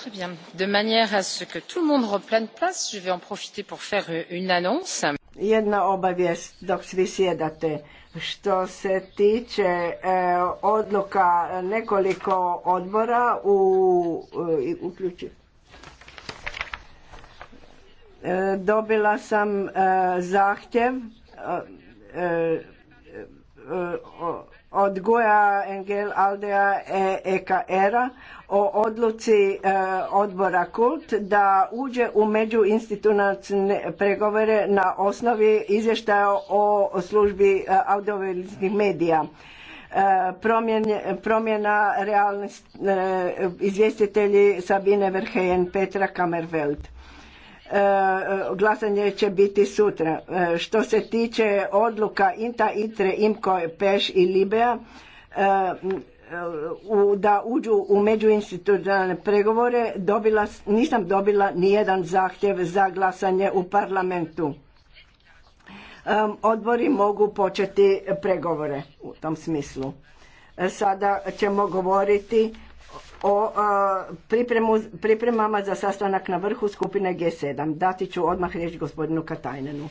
Très bien. De manière à ce que tout le monde reprenne place, je vais en profiter pour faire euh, une annonce. Jedna obavijest dok svi sjedate. Što se tiče e, odluka nekoliko odbora u, e, uključi. E, dobila sam e, zahtjev e, od Goja, Engel, Aldea, EKR-a e o odluci e, odbora KULT da uđe u međuinstitucionalne pregovore na osnovi izvještaja o službi e, audiovizualnih medija. Promjena realnost, izvjestitelji Sabine Verheyen, Petra Kamerveld glasanje će biti sutra. E, što se tiče odluka INTA, ITRE, IMKO, PEŠ i LIBEA e, da uđu u međuinstitucionalne pregovore dobila, nisam dobila nijedan zahtjev za glasanje u parlamentu. E, odbori mogu početi pregovore u tom smislu. Sada ćemo govoriti o pripremu, pripremama za sastanak na vrhu skupine G7. Dati ću odmah riječ gospodinu Katajnenu.